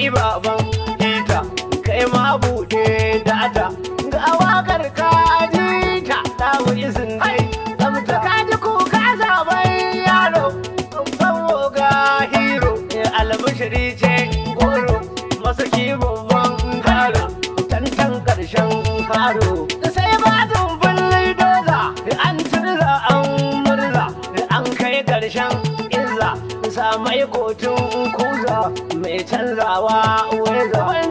kai baban ita kai ma buɗe data ga wakar ka ta ta wuce sun dai zamta ka ji kuka zaben yaro sanwo ga hero eh, albishiri goro masu babban karo tantan karshen karo sai ba zumbin doza eh, an turza an murza eh, an kai karshen izza samai kotun kuza ke canzawa wai zaman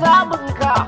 samun ka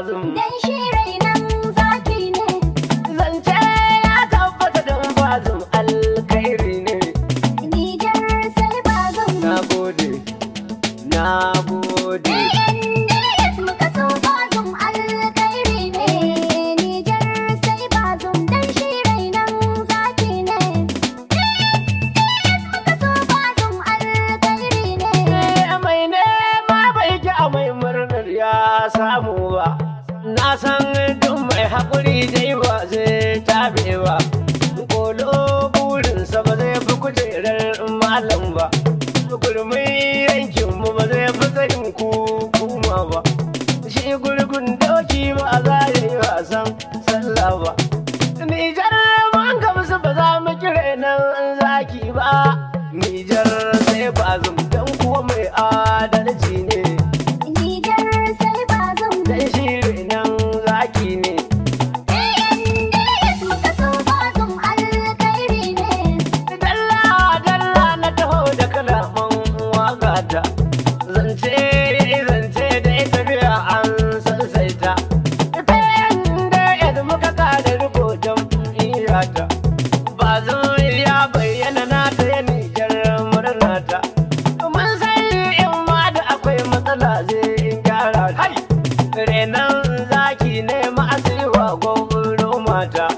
kazum. Dan na san duk mai haƙuri zai ba zai tabe ba kolo burinsa ba zai fi kujerar malam ba gurmi yankin mu ba zai fi tsayin kuma ba shi gurgun dauki ba a zai wasan sallah ba nijar man ba za mu kire nan zaki ba Raja.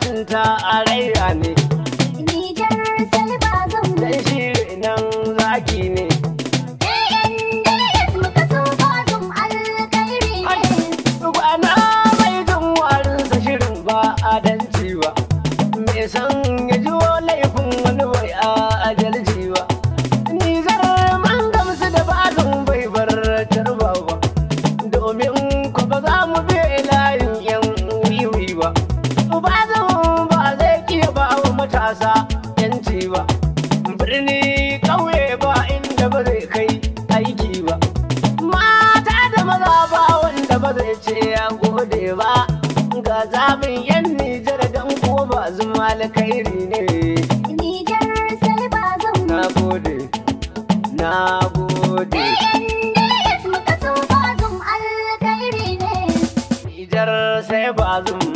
fatin ta a ne zaɓin yan Nijar dan ko ba zan alkhairi ne. Nijar sai ba zan. Na gode, na gode. Nijar sai ba zan.